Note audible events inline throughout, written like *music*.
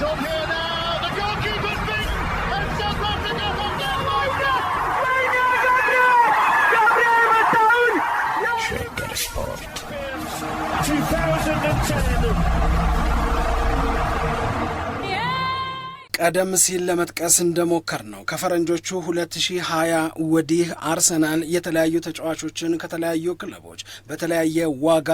don't hear that. ቀደም ሲል ለመጥቀስ እንደሞከር ነው ከፈረንጆቹ 2020 ወዲህ አርሰናል የተለያዩ ተጫዋቾችን ከተለያዩ ክለቦች በተለያየ ዋጋ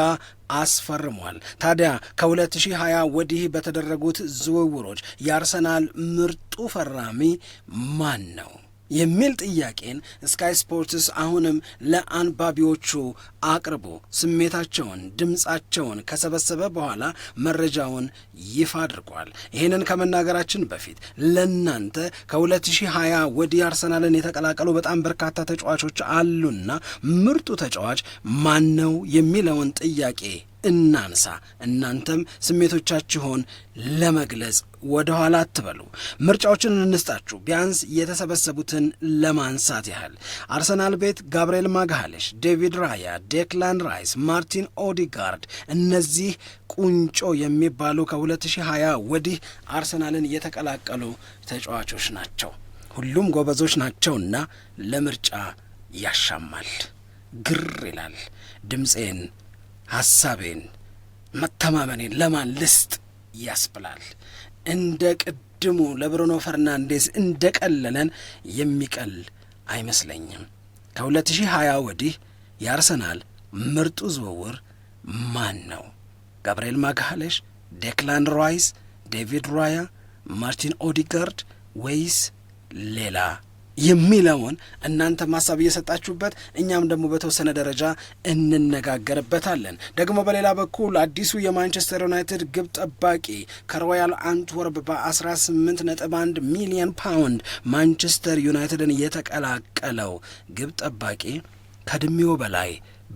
አስፈርሟል። ታዲያ ከ2020 ወዲህ በተደረጉት ዝውውሮች የአርሰናል ምርጡ ፈራሚ ማን ነው? የሚል ጥያቄን ስካይ ስፖርትስ አሁንም ለአንባቢዎቹ አቅርቦ ስሜታቸውን፣ ድምፃቸውን ከሰበሰበ በኋላ መረጃውን ይፋ አድርጓል። ይህንን ከመናገራችን በፊት ለእናንተ ከ2020 ወዲህ አርሰናልን የተቀላቀሉ በጣም በርካታ ተጫዋቾች አሉና ምርጡ ተጫዋች ማን ነው የሚለውን ጥያቄ እናንሳ። እናንተም ስሜቶቻችሁን ለመግለጽ ወደ ኋላ አትበሉ። ምርጫዎችን እንስጣችሁ፣ ቢያንስ የተሰበሰቡትን ለማንሳት ያህል አርሰናል ቤት ጋብርኤል ማግሃሌሽ፣ ዴቪድ ራያ፣ ዴክላን ራይስ፣ ማርቲን ኦዲጋርድ እነዚህ ቁንጮ የሚባሉ ከ2020 ወዲህ አርሰናልን የተቀላቀሉ ተጫዋቾች ናቸው። ሁሉም ጎበዞች ናቸውና ለምርጫ ያሻማል፣ ግር ይላል። ድምፄን ሐሳቤን መተማመኔን ለማን ልስጥ ያስብላል። እንደ ቅድሙ ለብሩኖ ፈርናንዴዝ እንደ ቀለለን የሚቀል አይመስለኝም። ከ2020 ወዲህ የአርሰናል ምርጡ ዝውውር ማን ነው? ጋብርኤል ማግሃሌሽ፣ ዴክላን ራይስ፣ ዴቪድ ራያ፣ ማርቲን ኦዲጋርድ ወይስ ሌላ የሚለውን እናንተ ማሳብ እየሰጣችሁበት እኛም ደግሞ በተወሰነ ደረጃ እንነጋገርበታለን። ደግሞ በሌላ በኩል አዲሱ የማንቸስተር ዩናይትድ ግብ ጠባቂ ከሮያል አንትወርብ በ18 ነጥብ 1 ሚሊዮን ፓውንድ ማንቸስተር ዩናይትድን የተቀላቀለው ግብ ጠባቂ ከዕድሜው በላይ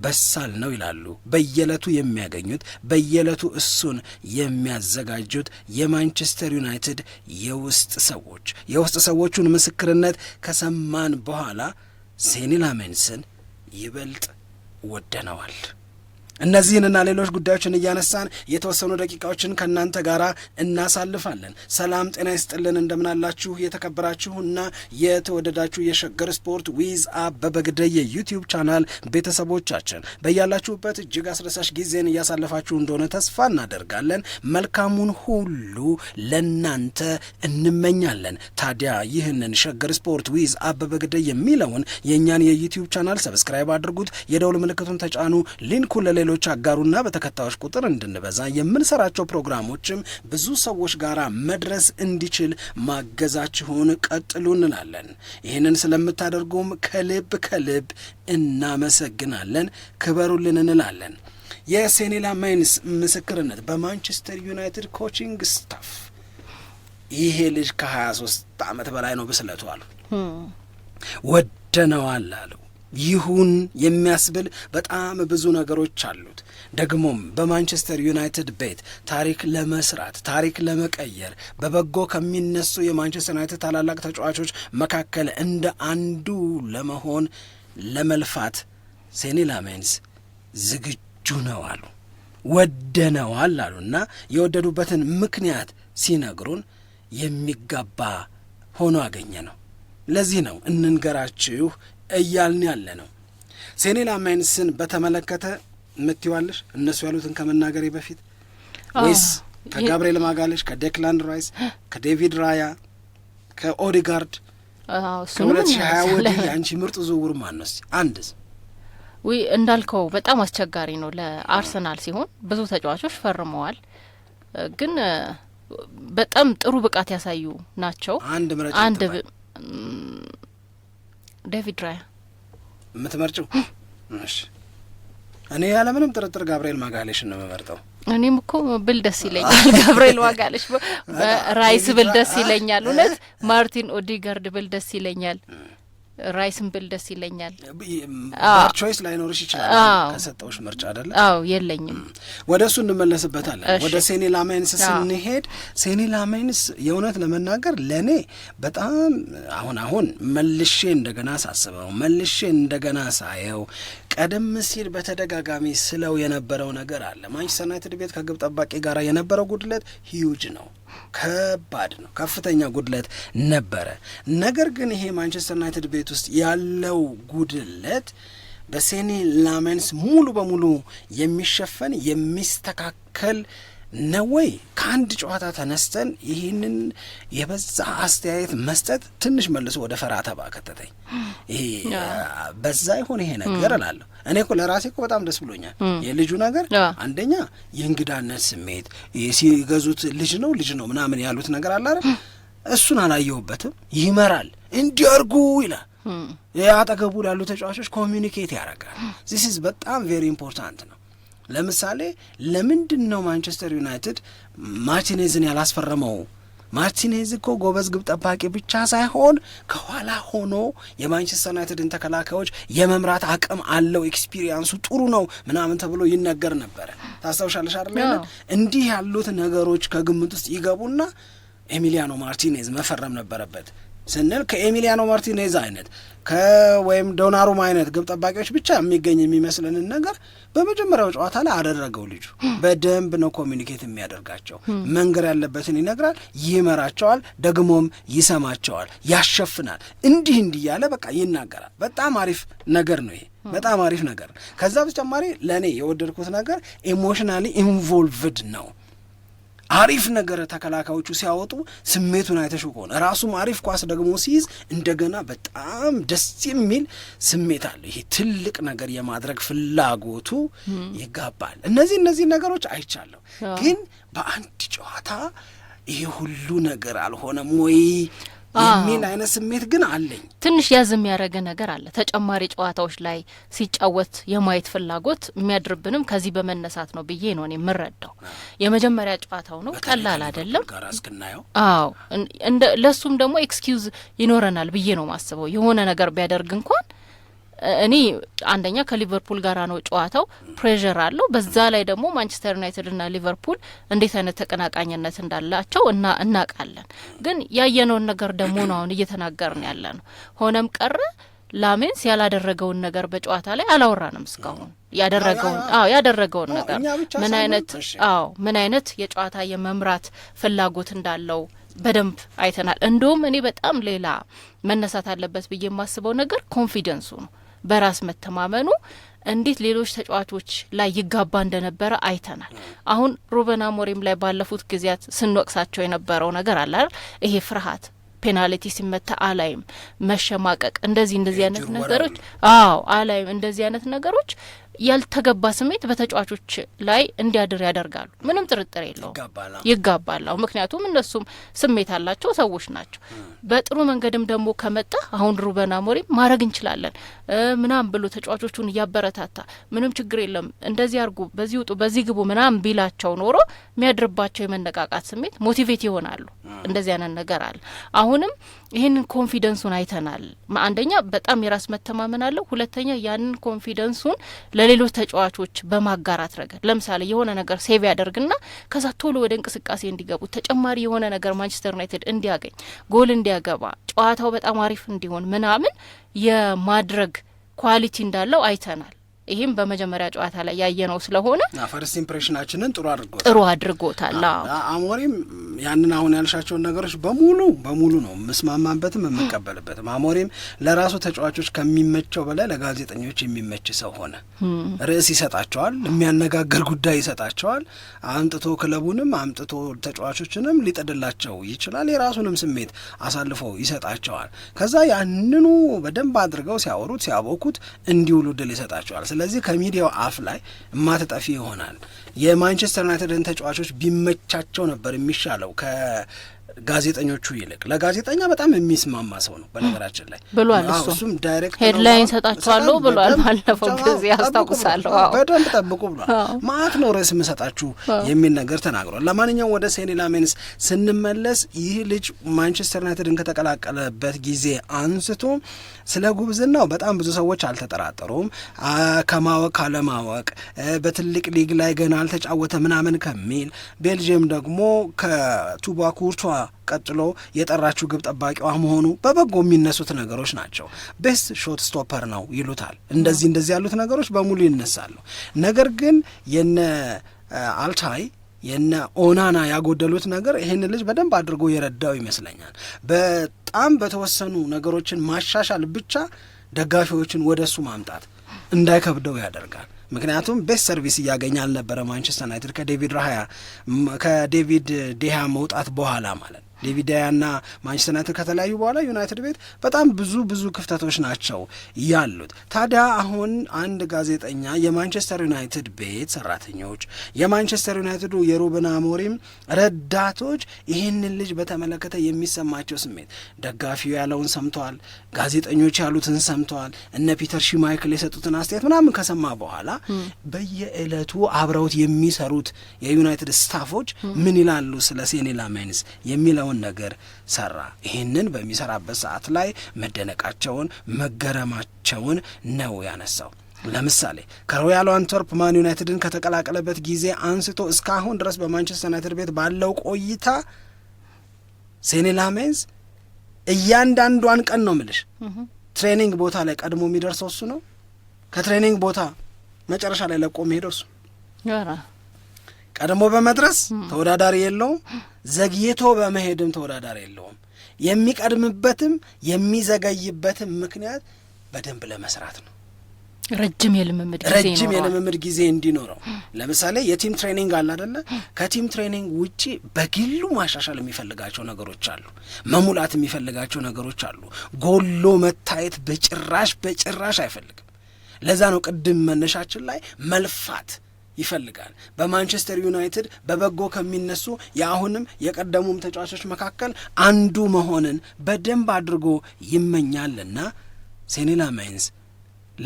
በሳል ነው ይላሉ። በየዕለቱ የሚያገኙት በየዕለቱ እሱን የሚያዘጋጁት የማንቸስተር ዩናይትድ የውስጥ ሰዎች የውስጥ ሰዎቹን ምስክርነት ከሰማን በኋላ ሴኒ ላሜንስን ይበልጥ ወደነዋል። እነዚህንና ሌሎች ጉዳዮችን እያነሳን የተወሰኑ ደቂቃዎችን ከእናንተ ጋር እናሳልፋለን። ሰላም ጤና ይስጥልን። እንደምናላችሁ የተከበራችሁና የተወደዳችሁ የሸገር ስፖርት ዊዝ አበበ ግደይ የዩቲዩብ ቻናል ቤተሰቦቻችን በያላችሁበት እጅግ አስደሳች ጊዜን እያሳለፋችሁ እንደሆነ ተስፋ እናደርጋለን። መልካሙን ሁሉ ለናንተ እንመኛለን። ታዲያ ይህንን ሸገር ስፖርት ዊዝ አበበ ግደይ የሚለውን የእኛን የዩቲዩብ ቻናል ሰብስክራይብ አድርጉት፣ የደውል ምልክቱን ተጫኑ፣ ሊንኩ ለሌሎ ሌሎች አጋሩና በተከታዮች ቁጥር እንድንበዛ የምንሰራቸው ፕሮግራሞችም ብዙ ሰዎች ጋር መድረስ እንዲችል ማገዛችሁን ቀጥሉ እንላለን። ይህንን ስለምታደርጉም ከልብ ከልብ እናመሰግናለን። ክበሩልን እንላለን። የሴኔላ ማይንስ ምስክርነት በማንቸስተር ዩናይትድ ኮቺንግ ስታፍ ይሄ ልጅ ከ23 ዓመት በላይ ነው ብስለቱ አሉ። ወደነዋል አሉ። ይሁን የሚያስብል በጣም ብዙ ነገሮች አሉት። ደግሞም በማንቸስተር ዩናይትድ ቤት ታሪክ ለመስራት ታሪክ ለመቀየር በበጎ ከሚነሱ የማንቸስተር ዩናይትድ ታላላቅ ተጫዋቾች መካከል እንደ አንዱ ለመሆን ለመልፋት ሴኒ ላሜንስ ዝግጁ ነው አሉ። ወደነዋል እና የወደዱበትን ምክንያት ሲነግሩን የሚጋባ ሆኖ አገኘ ነው። ለዚህ ነው እንንገራችሁ እያልን ያለ ነው። ሴኔ ላሜንስን በተመለከተ ምትዋለሽ እነሱ ያሉትን ከመናገሬ በፊት ወይስ ከጋብርኤል ማጋለሽ፣ ከዴክላንድ ራይስ፣ ከዴቪድ ራያ፣ ከኦዲጋርድ ከሁለት ሺ ሀያ ወዲህ የአንቺ ምርጥ ዝውውር ማን ነው? ዊ እንዳልከው በጣም አስቸጋሪ ነው ለአርሰናል ሲሆን ብዙ ተጫዋቾች ፈርመዋል፣ ግን በጣም ጥሩ ብቃት ያሳዩ ናቸው። አንድ ምረጭ አንድ ዴቪድ ራያ የምትመርጭው? እሺ እኔ ያለምንም ጥርጥር ጋብርኤል ማጋሌሽን ነው የምመርጠው። እኔም እኮ ብል ደስ ይለኛል *laughs* ጋብርኤል ማጋሌሽ፣ ራይስ ብል ደስ ይለኛል፣ እውነት ማርቲን ኦዲጋርድ ብል ደስ ይለኛል። ራይስን ብል ደስ ይለኛል። ቾይስ ላይኖርሽ ይችላል። ከሰጠውሽ ምርጫ አይደለም። አዎ የለኝም። ወደ እሱ እንመለስበታለን። ወደ ሴኔ ላሜንስ ስንሄድ ሴኔ ላሜንስ የእውነት ለመናገር ለእኔ በጣም አሁን አሁን መልሼ እንደገና ሳስበው መልሼ እንደገና ሳየው ቀደም ሲል በተደጋጋሚ ስለው የነበረው ነገር አለ ማንቸስተር ዩናይትድ ቤት ከግብ ጠባቂ ጋር የነበረው ጉድለት ሂዩጅ ነው። ከባድ ነው፣ ከፍተኛ ጉድለት ነበረ። ነገር ግን ይሄ ማንቸስተር ዩናይትድ ቤት ውስጥ ያለው ጉድለት በሴኒ ላመንስ ሙሉ በሙሉ የሚሸፈን የሚስተካከል ነው ወይ? ከአንድ ጨዋታ ተነስተን ይህንን የበዛ አስተያየት መስጠት ትንሽ መልሶ ወደ ፈራ ተባ ከተተኝ። ይሄ በዛ ይሆን ይሄ ነገር እላለሁ። እኔ እኮ ለራሴ እኮ በጣም ደስ ብሎኛል። የልጁ ነገር አንደኛ የእንግዳነት ስሜት ሲገዙት ልጅ ነው ልጅ ነው ምናምን ያሉት ነገር አለ አይደል? እሱን አላየሁበትም። ይመራል እንዲያርጉ ይላል የአጠገቡ ላሉ ተጫዋቾች ኮሚኒኬት ያደርጋል። ዚስ ኢዝ በጣም ቬሪ ኢምፖርታንት ነው። ለምሳሌ ለምንድን ነው ማንቸስተር ዩናይትድ ማርቲኔዝን ያላስፈረመው? ማርቲኔዝ እኮ ጎበዝ ግብ ጠባቂ ብቻ ሳይሆን ከኋላ ሆኖ የማንቸስተር ዩናይትድን ተከላካዮች የመምራት አቅም አለው፣ ኤክስፒሪየንሱ ጥሩ ነው ምናምን ተብሎ ይነገር ነበረ። ታስታውሻለሽ አይደል? እንዲህ ያሉት ነገሮች ከግምት ውስጥ ይገቡና ኤሚሊያኖ ማርቲኔዝ መፈረም ነበረበት። ስንል ከኤሚሊያኖ ማርቲኔዝ አይነት ወይም ዶናሩም አይነት ግብ ጠባቂዎች ብቻ የሚገኝ የሚመስለንን ነገር በመጀመሪያው ጨዋታ ላይ አደረገው። ልጁ በደንብ ነው ኮሚኒኬት የሚያደርጋቸው። መንገር ያለበትን ይነግራል፣ ይመራቸዋል፣ ደግሞም ይሰማቸዋል፣ ያሸፍናል። እንዲህ እንዲህ እያለ በቃ ይናገራል። በጣም አሪፍ ነገር ነው ይሄ በጣም አሪፍ ነገር። ከዛ በተጨማሪ ለእኔ የወደድኩት ነገር ኢሞሽናሊ ኢንቮልቭድ ነው አሪፍ ነገር ተከላካዮቹ ሲያወጡ ስሜቱን አይተሽ ከሆነ ራሱም አሪፍ ኳስ ደግሞ ሲይዝ እንደገና በጣም ደስ የሚል ስሜት አለ። ይሄ ትልቅ ነገር የማድረግ ፍላጎቱ ይጋባል። እነዚህ እነዚህ ነገሮች አይቻለሁ፣ ግን በአንድ ጨዋታ ይሄ ሁሉ ነገር አልሆነም ወይ? የሚል አይነት ስሜት ግን አለኝ። ትንሽ ያዝ የሚያደረገ ነገር አለ። ተጨማሪ ጨዋታዎች ላይ ሲጫወት የማየት ፍላጎት የሚያድርብንም ከዚህ በመነሳት ነው ብዬ ነው የምረዳው። የመጀመሪያ ጨዋታው ነው፣ ቀላል አይደለም። አዎ ለእሱም ደግሞ ኤክስኪውዝ ይኖረናል ብዬ ነው ማስበው። የሆነ ነገር ቢያደርግ እንኳን እኔ አንደኛ ከሊቨርፑል ጋራ ነው ጨዋታው፣ ፕሬር አለው። በዛ ላይ ደግሞ ማንቸስተር ዩናይትድ እና ሊቨርፑል እንዴት አይነት ተቀናቃኝነት እንዳላቸው እና እናውቃለን። ግን ያየነውን ነገር ደግሞ ነው አሁን እየተናገርን ያለ ነው። ሆነም ቀረ ላሜንስ ያላደረገውን ነገር በጨዋታ ላይ አላወራንም እስካሁን ያደረገውን አዎ ያደረገውን ነገር ምን አይነት አዎ ምን አይነት የጨዋታ የመምራት ፍላጎት እንዳለው በደንብ አይተናል። እንደውም እኔ በጣም ሌላ መነሳት አለበት ብዬ የማስበው ነገር ኮንፊደንሱ ነው። በራስ መተማመኑ እንዴት ሌሎች ተጫዋቾች ላይ ይጋባ እንደነበረ አይተናል። አሁን ሩበን አሞሪም ላይ ባለፉት ጊዜያት ስንወቅሳቸው የነበረው ነገር አለ አይደል? ይሄ ፍርሃት፣ ፔናልቲ ሲመታ አላይም፣ መሸማቀቅ፣ እንደዚህ እንደዚህ አይነት ነገሮች አዎ፣ አላይም፣ እንደዚህ አይነት ነገሮች ያልተገባ ስሜት በተጫዋቾች ላይ እንዲያድር ያደርጋሉ። ምንም ጥርጥር የለውም፣ ይጋባላሁ። ምክንያቱም እነሱም ስሜት አላቸው ሰዎች ናቸው። በጥሩ መንገድም ደግሞ ከመጣ አሁን ሩበን አሞሪም ማድረግ እንችላለን ምናም ብሎ ተጫዋቾቹን እያበረታታ ምንም ችግር የለም እንደዚህ አርጉ፣ በዚህ ውጡ፣ በዚህ ግቡ ምናም ቢላቸው ኖሮ የሚያድርባቸው የመነቃቃት ስሜት ሞቲቬት ይሆናሉ። እንደዚህ አይነት ነገር አለ። አሁንም ይህንን ኮንፊደንሱን አይተናል። አንደኛ በጣም የራስ መተማመን አለው፣ ሁለተኛ ያንን ኮንፊደንሱን ለሌሎች ተጫዋቾች በማጋራት ረገድ ለምሳሌ የሆነ ነገር ሴቭ ያደርግና ከዛ ቶሎ ወደ እንቅስቃሴ እንዲገቡ ተጨማሪ የሆነ ነገር ማንቸስተር ዩናይትድ እንዲያገኝ፣ ጎል እንዲያገባ፣ ጨዋታው በጣም አሪፍ እንዲሆን ምናምን የማድረግ ኳሊቲ እንዳለው አይተናል። ይህም በመጀመሪያ ጨዋታ ላይ ያየነው ስለሆነ ፈርስት ኢምፕሬሽናችንን ጥሩ አድርጎታል ጥሩ አድርጎታል። አሞሪም ያንን አሁን ያልሻቸውን ነገሮች በሙሉ በሙሉ ነው የምስማማበትም የምቀበልበትም። አሞሪም ለራሱ ተጫዋቾች ከሚመቸው በላይ ለጋዜጠኞች የሚመች ሰው ሆነ። ርዕስ ይሰጣቸዋል፣ የሚያነጋግር ጉዳይ ይሰጣቸዋል። አምጥቶ ክለቡንም አምጥቶ ተጫዋቾችንም ሊጥድላቸው ይችላል። የራሱንም ስሜት አሳልፎ ይሰጣቸዋል። ከዛ ያንኑ በደንብ አድርገው ሲያወሩት ሲያቦኩት እንዲውሉ ድል ይሰጣቸዋል። ስለዚህ ከሚዲያው አፍ ላይ ማትጠፊ ይሆናል። የማንቸስተር ዩናይትድን ተጫዋቾች ቢመቻቸው ነበር የሚሻለው ጋዜጠኞቹ ይልቅ ለጋዜጠኛ በጣም የሚስማማ ሰው ነው። በነገራችን ላይ ብሏል። እሱም ዳይሬክት ሄድላይን ሰጣችኋለሁ ብሏል። ባለፈው ጊዜ አስታውሳለሁ። በደንብ ጠብቁ ብሏል። ማአት ነው ርዕስ የምሰጣችሁ የሚል ነገር ተናግሯል። ለማንኛውም ወደ ሴኒ ላሜንስ ስንመለስ ይህ ልጅ ማንቸስተር ዩናይትድን ከተቀላቀለበት ጊዜ አንስቶ ስለ ጉብዝናው በጣም ብዙ ሰዎች አልተጠራጠሩም። ከማወቅ ካለማወቅ በትልቅ ሊግ ላይ ገና አልተጫወተ ምናምን ከሚል ቤልጅየም ደግሞ ከቱባ ኩርቷ ቀጥሎ የጠራችው ግብ ጠባቂዋ መሆኑ በበጎ የሚነሱት ነገሮች ናቸው። ቤስት ሾት ስቶፐር ነው ይሉታል። እንደዚህ እንደዚህ ያሉት ነገሮች በሙሉ ይነሳሉ። ነገር ግን የነ አልታይ የነ ኦናና ያጎደሉት ነገር ይህን ልጅ በደንብ አድርጎ የረዳው ይመስለኛል። በጣም በተወሰኑ ነገሮችን ማሻሻል ብቻ ደጋፊዎችን ወደሱ ማምጣት እንዳይከብደው ያደርጋል። ምክንያቱም ቤስት ሰርቪስ እያገኘ አልነበረ ማንቸስተር ዩናይትድ ከዴቪድ ራሃያ ከዴቪድ ዴሃ መውጣት በኋላ ማለት ነው። ዴቪድ ዳያና ማንቸስተር ዩናይትድ ከተለያዩ በኋላ ዩናይትድ ቤት በጣም ብዙ ብዙ ክፍተቶች ናቸው ያሉት። ታዲያ አሁን አንድ ጋዜጠኛ የማንቸስተር ዩናይትድ ቤት ሰራተኞች፣ የማንቸስተር ዩናይትዱ የሩበን አሞሪም ረዳቶች ይህንን ልጅ በተመለከተ የሚሰማቸው ስሜት ደጋፊው ያለውን ሰምተዋል፣ ጋዜጠኞች ያሉትን ሰምተዋል፣ እነ ፒተር ሺማይክል የሰጡትን አስተያየት ምናምን ከሰማ በኋላ በየእለቱ አብረውት የሚሰሩት የዩናይትድ ስታፎች ምን ይላሉ ስለ ሴኒ ላሜንስ የሚለው ያልሆነውን ነገር ሰራ። ይህንን በሚሰራበት ሰዓት ላይ መደነቃቸውን መገረማቸውን ነው ያነሳው። ለምሳሌ ከሮያል አንትወርፕ ማን ዩናይትድን ከተቀላቀለበት ጊዜ አንስቶ እስካሁን ድረስ በማንቸስተር ዩናይትድ ቤት ባለው ቆይታ ሴኔ እያንዳንዷን ቀን ነው ምልሽ ትሬኒንግ ቦታ ላይ ቀድሞ የሚደርሰው እሱ ነው። ከትሬኒንግ ቦታ መጨረሻ ላይ ለቆ የሚሄደው እሱ ቀድሞ በመድረስ ተወዳዳሪ የለውም። ዘግይቶ በመሄድም ተወዳዳሪ የለውም። የሚቀድምበትም የሚዘገይበትም ምክንያት በደንብ ለመስራት ነው። ረጅም የልምምድ ጊዜ ረጅም የልምምድ ጊዜ እንዲኖረው ለምሳሌ የቲም ትሬኒንግ አለ አደለ? ከቲም ትሬኒንግ ውጪ በግሉ ማሻሻል የሚፈልጋቸው ነገሮች አሉ፣ መሙላት የሚፈልጋቸው ነገሮች አሉ። ጎሎ መታየት በጭራሽ በጭራሽ አይፈልግም። ለዛ ነው ቅድም መነሻችን ላይ መልፋት ይፈልጋል። በማንቸስተር ዩናይትድ በበጎ ከሚነሱ የአሁንም የቀደሙም ተጫዋቾች መካከል አንዱ መሆንን በደንብ አድርጎ ይመኛልና ሴኔላ ማይንስ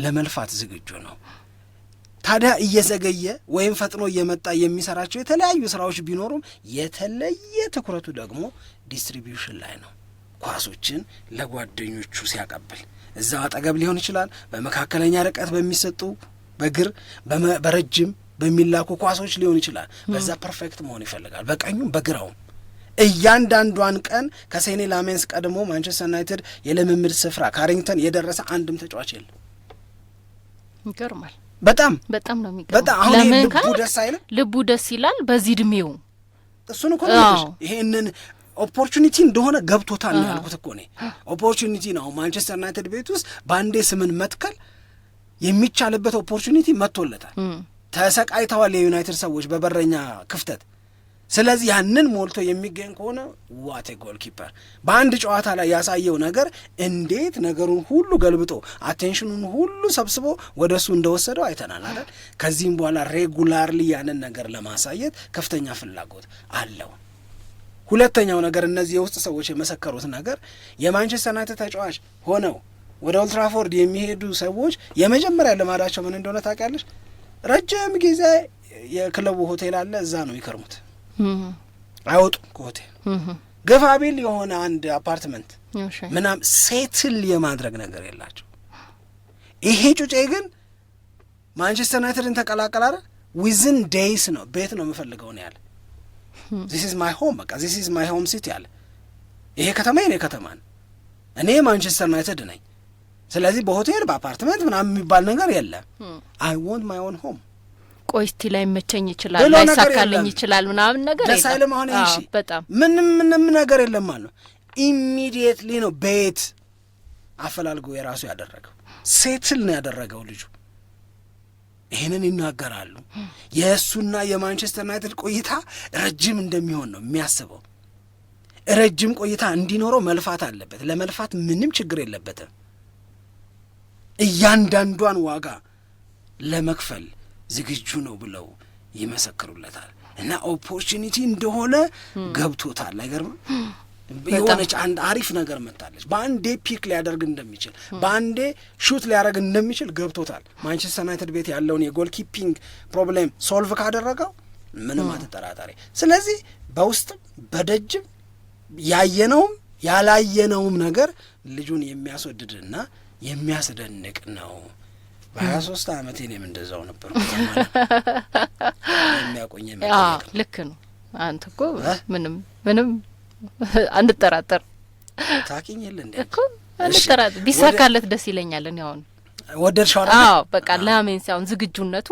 ለመልፋት ዝግጁ ነው። ታዲያ እየዘገየ ወይም ፈጥኖ እየመጣ የሚሰራቸው የተለያዩ ስራዎች ቢኖሩም የተለየ ትኩረቱ ደግሞ ዲስትሪቢሽን ላይ ነው። ኳሶችን ለጓደኞቹ ሲያቀብል እዛው አጠገብ ሊሆን ይችላል፣ በመካከለኛ ርቀት በሚሰጡ በግር በረጅም በሚላኩ ኳሶች ሊሆን ይችላል። በዛ ፐርፌክት መሆን ይፈልጋል፣ በቀኙም በግራውም። እያንዳንዷን ቀን ከሴኔ ላሜንስ ቀድሞ ማንቸስተር ዩናይትድ የልምምድ ስፍራ ካሪንግተን የደረሰ አንድም ተጫዋች የለም። ይገርማል። በጣም በጣም ነው የሚገርመው። በጣም አሁን ልቡ ደስ አይለ ልቡ ደስ ይላል። በዚህ እድሜው እሱን እኮ ይሄንን ኦፖርቹኒቲ እንደሆነ ገብቶታል ነው ያልኩት እኮ እኔ። ኦፖርቹኒቲ ነው ማንቸስተር ዩናይትድ ቤት ውስጥ በአንዴ ስምን መትከል የሚቻልበት ኦፖርቹኒቲ መጥቶለታል። ተሰቃይተዋል የዩናይትድ ሰዎች በበረኛ ክፍተት። ስለዚህ ያንን ሞልቶ የሚገኝ ከሆነ ዋቴ ጎልኪፐር በአንድ ጨዋታ ላይ ያሳየው ነገር እንዴት ነገሩን ሁሉ ገልብጦ አቴንሽኑን ሁሉ ሰብስቦ ወደ እሱ እንደወሰደው አይተናል አይደል? ከዚህም በኋላ ሬጉላርሊ ያንን ነገር ለማሳየት ከፍተኛ ፍላጎት አለው። ሁለተኛው ነገር እነዚህ የውስጥ ሰዎች የመሰከሩት ነገር የማንቸስተር ዩናይትድ ተጫዋች ሆነው ወደ ኦልትራፎርድ የሚሄዱ ሰዎች የመጀመሪያ ልማዳቸው ምን እንደሆነ ታውቂያለሽ? ረጅም ጊዜ የክለቡ ሆቴል አለ፣ እዛ ነው ይከርሙት። አይወጡም ከሆቴል ገፋ ቢል የሆነ አንድ አፓርትመንት ምናም ሴትል የማድረግ ነገር የላቸው። ይሄ ጩጬ ግን ማንቸስተር ዩናይትድን ተቀላቀላረ ዊዝን ዴይስ ነው ቤት ነው የምፈልገው ነው ያለ። ዚስ ኢዝ ማይ ሆም በቃ ዚስ ኢዝ ማይ ሆም ሲቲ ያለ። ይሄ ከተማ የኔ ከተማ ነው፣ እኔ ማንቸስተር ዩናይትድ ነኝ። ስለዚህ በሆቴል በአፓርትመንት ምናምን የሚባል ነገር የለም። አይ ወንት ማይ ኦን ሆም ቆይ እስቲ ላይ መቸኝ ይችላል ላይሳካልኝ ይችላል ምናምን ነገር ለሳይለ መሆን ይሺ በጣም ምንም ምንም ነገር የለም አለ። ኢሚዲየትሊ ነው ቤት አፈላልጎ የራሱ ያደረገው ሴትል ነው ያደረገው ልጁ። ይህንን ይናገራሉ። የእሱና የማንቸስተር ዩናይትድ ቆይታ ረጅም እንደሚሆን ነው የሚያስበው። ረጅም ቆይታ እንዲኖረው መልፋት አለበት። ለመልፋት ምንም ችግር የለበትም። እያንዳንዷን ዋጋ ለመክፈል ዝግጁ ነው ብለው ይመሰክሩለታል። እና ኦፖርቹኒቲ እንደሆነ ገብቶታል። አይገርምም? የሆነች አንድ አሪፍ ነገር መታለች። በአንዴ ፒክ ሊያደርግ እንደሚችል በአንዴ ሹት ሊያደርግ እንደሚችል ገብቶታል። ማንቸስተር ዩናይትድ ቤት ያለውን የጎል ኪፒንግ ፕሮብሌም ሶልቭ ካደረገው ምንም አትጠራጠሪ። ስለዚህ በውስጥም በደጅም ያየነውም ያላየነውም ነገር ልጁን የሚያስወድድና የሚያስደንቅ ነው። በሀያ ሶስት አመት እኔም እንደዛው ነበር። *laughs* የሚያቆኝ ልክ ነው። አንተ እኮ ምንም ምንም አንጠራጠር ታኪኝ የለ እንዴ እኮ አንጠራጠር። ቢሳካለት ደስ ይለኛል። እኔ አሁን ወደድ ሸዋ በቃ ላሜንስ አሁን ዝግጁነቱ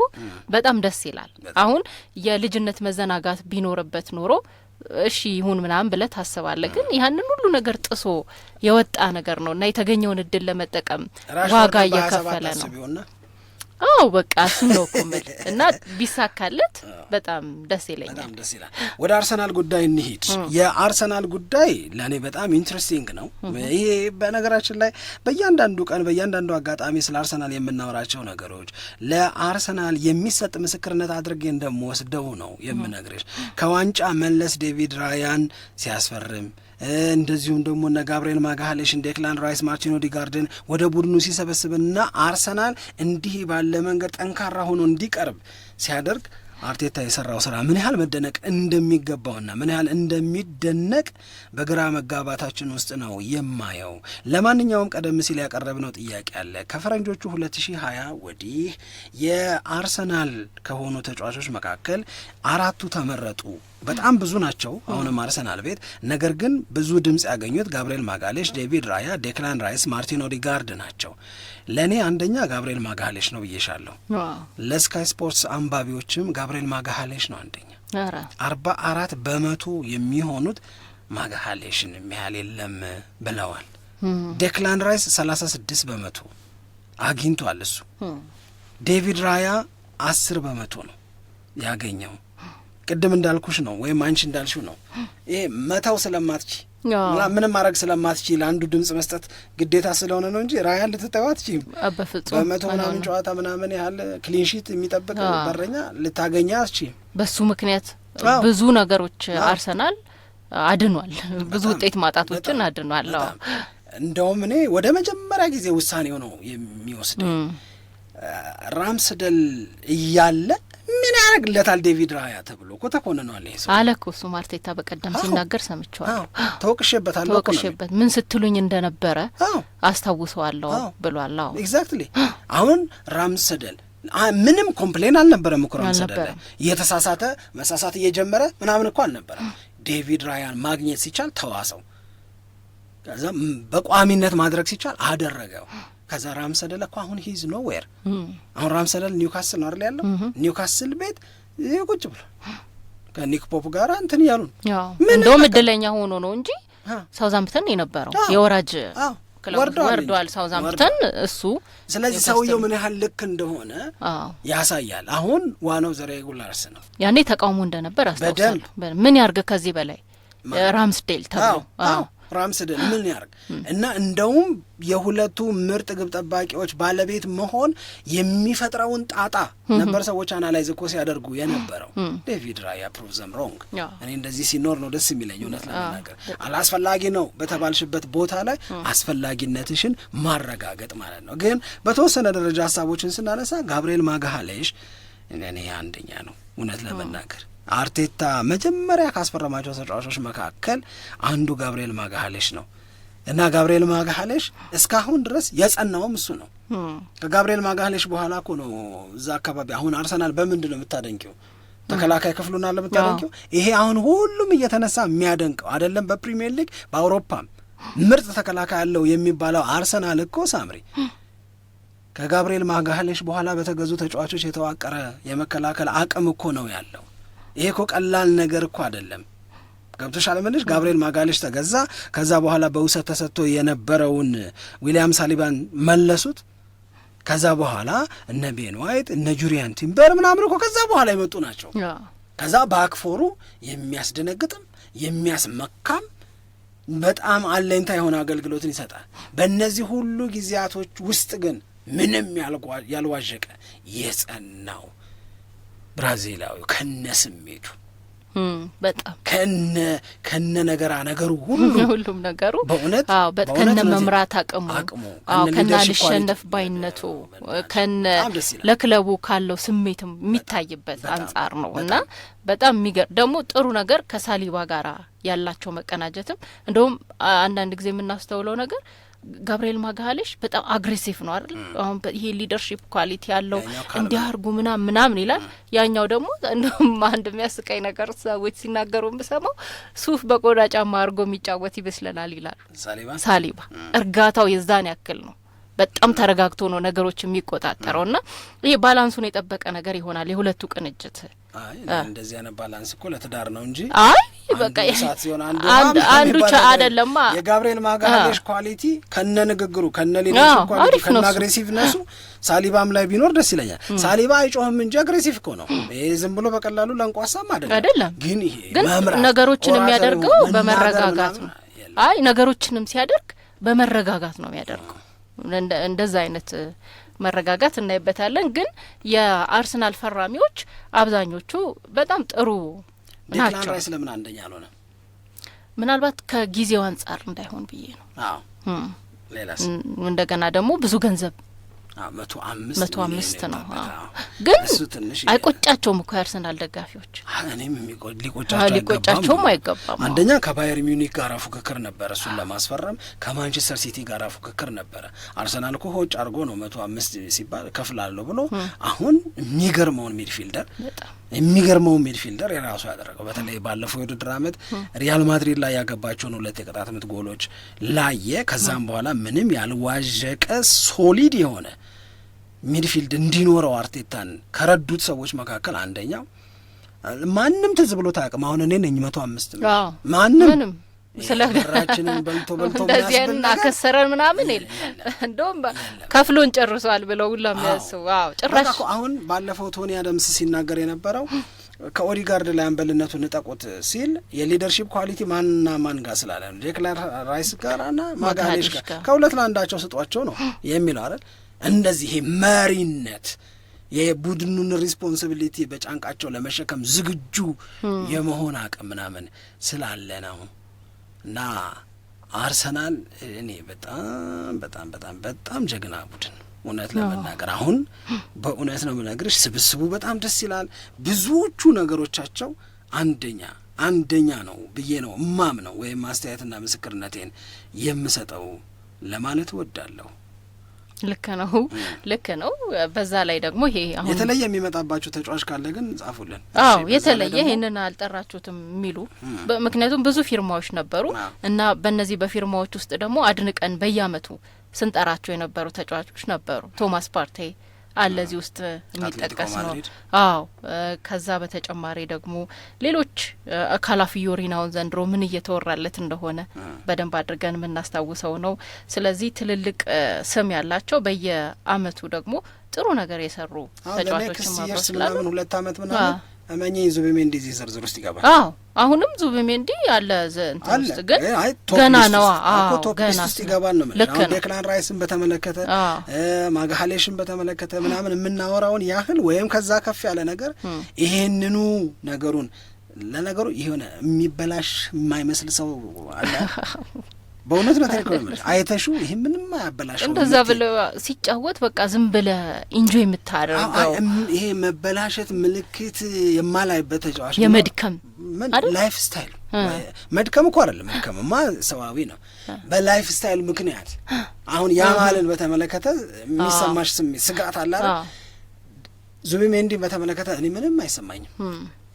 በጣም ደስ ይላል። አሁን የልጅነት መዘናጋት ቢኖርበት ኖሮ እሺ ይሁን ምናምን ብለህ ታስባለህ። ግን ያንን ሁሉ ነገር ጥሶ የወጣ ነገር ነው እና የተገኘውን እድል ለመጠቀም ዋጋ እየከፈለ ነው። አዎ በቃ እሱ ነው እኮ የምልህ። እና ቢሳካለት በጣም ደስ ይለኛል። በጣም ደስ ይላል። ወደ አርሰናል ጉዳይ እንሂድ። የአርሰናል ጉዳይ ለእኔ በጣም ኢንትረስቲንግ ነው። ይሄ በነገራችን ላይ በእያንዳንዱ ቀን በእያንዳንዱ አጋጣሚ ስለ አርሰናል የምናወራቸው ነገሮች ለአርሰናል የሚሰጥ ምስክርነት አድርጌ እንደምወስደው ነው የምነግርሽ። ከዋንጫ መለስ ዴቪድ ራያን ሲያስፈርም እንደዚሁም ደግሞ እነ ጋብርኤል ማጋሃሌሽን፣ ዴክላን ራይስ፣ ማርቲኖ ዲጋርድን ወደ ቡድኑ ሲሰበስብና አርሰናል እንዲህ ባለ መንገድ ጠንካራ ሆኖ እንዲቀርብ ሲያደርግ አርቴታ የሰራው ስራ ምን ያህል መደነቅ እንደሚገባውና ምን ያህል እንደሚደነቅ በግራ መጋባታችን ውስጥ ነው የማየው። ለማንኛውም ቀደም ሲል ያቀረብነው ጥያቄ አለ። ከፈረንጆቹ 2020 ወዲህ የአርሰናል ከሆኑ ተጫዋቾች መካከል አራቱ ተመረጡ በጣም ብዙ ናቸው አሁንም አርሰናል ቤት። ነገር ግን ብዙ ድምፅ ያገኙት ጋብርኤል ማጋሌሽ፣ ዴቪድ ራያ፣ ዴክላን ራይስ፣ ማርቲን ኦዲጋርድ ናቸው። ለእኔ አንደኛ ጋብርኤል ማጋሌሽ ነው ብዬሻለሁ። ለስካይ ስፖርትስ አንባቢዎችም ጋብርኤል ማጋሌሽ ነው አንደኛ። አርባ አራት በመቶ የሚሆኑት ማጋሌሽን የሚያህል የለም ብለዋል። ዴክላን ራይስ ሰላሳ ስድስት በመቶ አግኝቷል። እሱ ዴቪድ ራያ አስር በመቶ ነው ያገኘው። ቅድም እንዳልኩሽ ነው ወይም አንቺ እንዳልሽ ነው ይሄ መተው ስለማትች ምንም ማድረግ ስለማትቺ ለአንዱ ድምጽ መስጠት ግዴታ ስለሆነ ነው እንጂ ራያን ልትጠዋ አትችም። በፍጹም በመቶ ምናምን ጨዋታ ምናምን ያህል ክሊንሺት የሚጠብቅ በረኛ ልታገኛ አትችም። በሱ ምክንያት ብዙ ነገሮች አርሰናል አድኗል፣ ብዙ ውጤት ማጣቶችን አድኗል። እንደውም እኔ ወደ መጀመሪያ ጊዜ ውሳኔው ነው የሚወስድ ራምስደል እያለ ምን ያደርግለታል ዴቪድ ራያ ተብሎ እኮ ተኮንኗል። ይሄ ሰው አለ እኮ እሱ ማርቴታ በቀደም ሲናገር ሰምቸዋል። ተወቅሼበታለሁ። ተወቅሼበት ምን ስትሉኝ እንደነበረ አስታውሰዋለሁ ብሏል። አዎ ኤግዛክትሊ። አሁን ራምስደል ምንም ኮምፕሌን አልነበረም እኮ ራምስደል እየተሳሳተ መሳሳት እየጀመረ ምናምን እኮ አልነበረም። ዴቪድ ራያን ማግኘት ሲቻል ተዋሰው፣ ከዛ በቋሚነት ማድረግ ሲቻል አደረገው። ከዛ ራምሰደል እኮ አሁን ሂዝ ኖ ዌር አሁን ራምሰደል ኒውካስል ነው አይደል ያለው ኒውካስል ቤት ቁጭ ብሎ ከኒክ ፖፕ ጋር እንትን እያሉ ነው እንደውም እድለኛ ሆኖ ነው እንጂ ሳውዛምፕተን የነበረው የወራጅ ወርዷል ሳውዛምፕተን እሱ ስለዚህ ሰውየው ምን ያህል ልክ እንደሆነ ያሳያል አሁን ዋናው ዘሬ ጉላርስ ነው ያኔ ተቃውሞ እንደነበር አስታውሳለሁ ምን ያርግ ከዚህ በላይ ራምስዴል ተብሎ ራምስድን *gasps* ምን ያርግ እና እንደውም የሁለቱ ምርጥ ግብ ጠባቂዎች ባለቤት መሆን የሚፈጥረውን ጣጣ ነበር ሰዎች አናላይዝ እኮ ሲያደርጉ የነበረው። ዴቪድ ራያ ፕሩቭ ዘም ሮንግ። እኔ እንደዚህ ሲኖር ነው ደስ የሚለኝ። እውነት ለመናገር አላስፈላጊ ነው በተባልሽበት ቦታ ላይ አስፈላጊነትሽን ማረጋገጥ ማለት ነው። ግን በተወሰነ ደረጃ ሀሳቦችን ስናነሳ ጋብርኤል ማግሃሌሽ እኔ አንደኛ ነው እውነት ለመናገር አርቴታ መጀመሪያ ካስፈረማቸው ተጫዋቾች መካከል አንዱ ጋብርኤል ማጋሃሌሽ ነው እና ጋብርኤል ማጋሃሌሽ እስካሁን ድረስ የጸናውም እሱ ነው። ከጋብርኤል ማጋሃሌሽ በኋላ እኮ ነው እዛ አካባቢ አሁን አርሰናል በምንድን ነው የምታደንቂው? ተከላካይ አለ ለምታደንቂው ይሄ አሁን ሁሉም እየተነሳ የሚያደንቀው አይደለም። በፕሪሚየር ሊግ በአውሮፓም ምርጥ ተከላካይ አለው የሚባለው አርሰናል እኮ ሳምሪ ከጋብርኤል ማጋሃሌሽ በኋላ በተገዙ ተጫዋቾች የተዋቀረ የመከላከል አቅም እኮ ነው ያለው። ይሄ እኮ ቀላል ነገር እኮ አይደለም። ገብቶሻል እምልሽ ጋብርኤል ማጋሌሽ ተገዛ። ከዛ በኋላ በውሰት ተሰጥቶ የነበረውን ዊሊያም ሳሊባን መለሱት። ከዛ በኋላ እነ ቤን ዋይት እነ ጁሪያን ቲምበር ምናምን እኮ ከዛ በኋላ የመጡ ናቸው። ከዛ በአክፎሩ የሚያስደነግጥም የሚያስመካም በጣም አለኝታ የሆነ አገልግሎትን ይሰጣል። በእነዚህ ሁሉ ጊዜያቶች ውስጥ ግን ምንም ያልዋዠቀ የጸናው ብራዚላዊው ከነ ስሜቱ በጣም ከነ ከነ ነገራ ነገሩ ሁሉ *laughs* ሁሉም ነገሩ በእውነት ከነ መምራት አቅሙ አቅሙ ከነ አልሸነፍ ባይነቱ ከነ ለክለቡ ካለው ስሜትም የሚታይበት አንጻር ነው እና በጣም የሚገር ደግሞ ጥሩ ነገር ከሳሊባ ጋራ ያላቸው መቀናጀትም እንደውም አንዳንድ ጊዜ የምናስተውለው ነገር ጋብርኤል ማጋሀሌሽ በጣም አግሬሲቭ ነው አይደል? አሁን ይሄ ሊደርሺፕ ኳሊቲ ያለው እንዲያርጉ ምናምን ምናምን ይላል። ያኛው ደግሞ እንደውም አንድ የሚያስቀኝ ነገር ሰዎች ሲናገሩ ብሰማው ሱፍ በቆዳ ጫማ አድርጎ የሚጫወት ይመስለናል ይላሉ። ሳሊባ እርጋታው የዛን ያክል ነው። በጣም ተረጋግቶ ነው ነገሮች የሚቆጣጠረው ና ይሄ ባላንሱን የጠበቀ ነገር ይሆናል። የሁለቱ ቅንጅት እንደዚህ አይነት ባላንስ እኮ ለትዳር ነው እንጂ አይ በቃ አንዱ አደለማ። የጋብርኤል ማጋሌሽ ኳሊቲ ከነ ንግግሩ ከነ ሌሎች ኳሊቲ ከነ አግሬሲቭነሱ ሳሊባም ላይ ቢኖር ደስ ይለኛል። ሳሊባ አይጮህም እንጂ አግሬሲቭ እኮ ነው። ይሄ ዝም ብሎ በቀላሉ ለንቋሳም አደለም። ግን ይሄ ነገሮችን የሚያደርገው በመረጋጋት ነው። አይ ነገሮችንም ሲያደርግ በመረጋጋት ነው የሚያደርገው። እንደዛ አይነት መረጋጋት እናይበታለን። ግን የአርሰናል ፈራሚዎች አብዛኞቹ በጣም ጥሩ ናቸው። ስለምን አንደኛ አልሆነ? ምናልባት ከጊዜው አንጻር እንዳይሆን ብዬ ነው። እንደገና ደግሞ ብዙ ገንዘብ መቶ አምስት ነው ግን አይቆጫቸውም እኮ የአርሰናል ደጋፊዎች እኔም ሊቆጫቸውም አይገባም። አንደኛ ከባየር ሚኒክ ጋር ፉክክር ነበረ እሱን ለማስፈረም ከማንቸስተር ሲቲ ጋር ፉክክር ነበረ። አርሰናል እኮ ሆጭ አድርጎ ነው መቶ አምስት ሲባል ከፍላለሁ ብሎ አሁን የሚገርመውን ሚድፊልደር የሚገርመውን ሚድፊልደር የራሱ ያደረገው በተለይ ባለፈው የውድድር አመት ሪያል ማድሪድ ላይ ያገባቸውን ሁለት የቅጣት ምት ጎሎች ላየ። ከዛም በኋላ ምንም ያልዋዠቀ ሶሊድ የሆነ ሚድፊልድ እንዲኖረው አርቴታን ከረዱት ሰዎች መካከል አንደኛው ማንም ትዝ ብሎት አያውቅም። አሁን እኔ ነኝ መቶ አምስት ማንም ስለራችንን በልቶ በልቶ እንደዚህን አከሰረን ምናምን ል እንደውም ከፍሎን ጨርሷል ብለው ሁላ የሚያስቡ ጭራሽ አሁን ባለፈው ቶኒ አደምስ ሲናገር የነበረው ከኦዲጋርድ ላይ አንበልነቱ ንጠቁት ሲል የሊደርሺፕ ኳሊቲ ማንና ማን ጋር ስላለ ዴክላር ራይስ ጋር ና ማጋሌሽ ጋር ከሁለት ለአንዳቸው ስጧቸው ነው *gasps* የሚለው አይደል እንደዚህ መሪነት የቡድኑን ሪስፖንሲቢሊቲ በጫንቃቸው ለመሸከም ዝግጁ የመሆን አቅም ምናምን ስላለ ነው እና አርሰናል እኔ በጣም በጣም በጣም በጣም ጀግና ቡድን እውነት ለመናገር አሁን በእውነት ነው የምነግርሽ፣ ስብስቡ በጣም ደስ ይላል። ብዙዎቹ ነገሮቻቸው አንደኛ አንደኛ ነው ብዬ ነው እማም ነው ወይም አስተያየትና ምስክርነቴን የምሰጠው ለማለት እወዳለሁ። ልክ ነው፣ ልክ ነው። በዛ ላይ ደግሞ ይሄ አሁን የተለየ የሚመጣባችሁ ተጫዋች ካለ ግን ጻፉልን። አዎ የተለየ ይህንን አልጠራችሁትም የሚሉ ምክንያቱም ብዙ ፊርማዎች ነበሩ እና በእነዚህ በፊርማዎች ውስጥ ደግሞ አድንቀን በየአመቱ ስንጠራቸው የነበሩ ተጫዋቾች ነበሩ። ቶማስ ፓርቴ አለ እዚህ ውስጥ የሚጠቀስ ነው። አዎ ከዛ በተጨማሪ ደግሞ ሌሎች ካላፊዮሪናውን ዘንድሮ ምን እየተወራለት እንደሆነ በደንብ አድርገን የምናስታውሰው ነው። ስለዚህ ትልልቅ ስም ያላቸው በየአመቱ ደግሞ ጥሩ ነገር የሰሩ ተጫዋቾችን ማብረስላሉ። ሁለት አመት ምናምን እመኘኝ ዙቢሜንዲ እዚህ ዝርዝር ውስጥ ይገባል። አዎ አሁንም ዙቢሜንዲ ያለ ዘንትስ ግን ገና ነዋ። ገና ይገባል ነው ልክ ነው። ዴክላን ራይስን በተመለከተ ማግሃሌሽን በተመለከተ ምናምን የምናወራውን ያህል ወይም ከዛ ከፍ ያለ ነገር ይሄንኑ ነገሩን ለነገሩ የሆነ የሚበላሽ የማይመስል ሰው አለ *laughs* በእውነት ነው ተክሎች አይተሹ ይህ ምንም አያበላሽ። እንደዛ ብለ ሲጫወት በቃ ዝም ብለ ኢንጆ የምታደርገው ይሄ መበላሸት ምልክት የማላይበት ተጫዋች የመድከም ላይፍ ስታይል መድከም እኮ አይደለም። መድከምማ ሰብአዊ ነው። በላይፍ ስታይል ምክንያት አሁን ያማልን በተመለከተ የሚሰማሽ ስሜት ስጋት አለ አይደል? ዙቢሜንዲን በተመለከተ እኔ ምንም አይሰማኝም።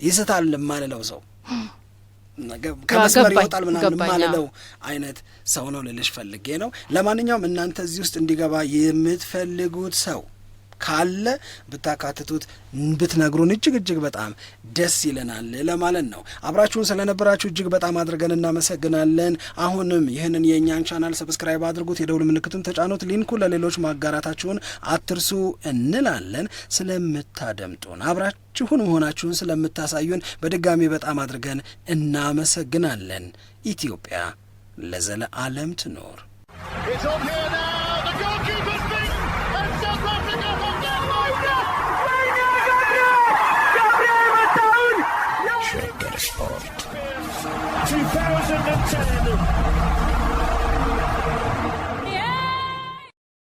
ይስታል የማልለው ሰው ከመስመር ይወጣል ምናምን ማልለው አይነት ሰው ነው ልልሽ ፈልጌ ነው። ለማንኛውም እናንተ እዚህ ውስጥ እንዲገባ የምትፈልጉት ሰው ካለ ብታካትቱት ብትነግሩን እጅግ እጅግ በጣም ደስ ይለናል ለማለት ነው። አብራችሁን ስለነበራችሁ እጅግ በጣም አድርገን እናመሰግናለን። አሁንም ይህንን የእኛን ቻናል ሰብስክራይብ አድርጉት፣ የደውል ምልክቱን ተጫኑት፣ ሊንኩ ለሌሎች ማጋራታችሁን አትርሱ እንላለን። ስለምታደምጡን አብራችሁን መሆናችሁን ስለምታሳዩን በድጋሚ በጣም አድርገን እናመሰግናለን። ኢትዮጵያ ለዘለዓለም ትኖር።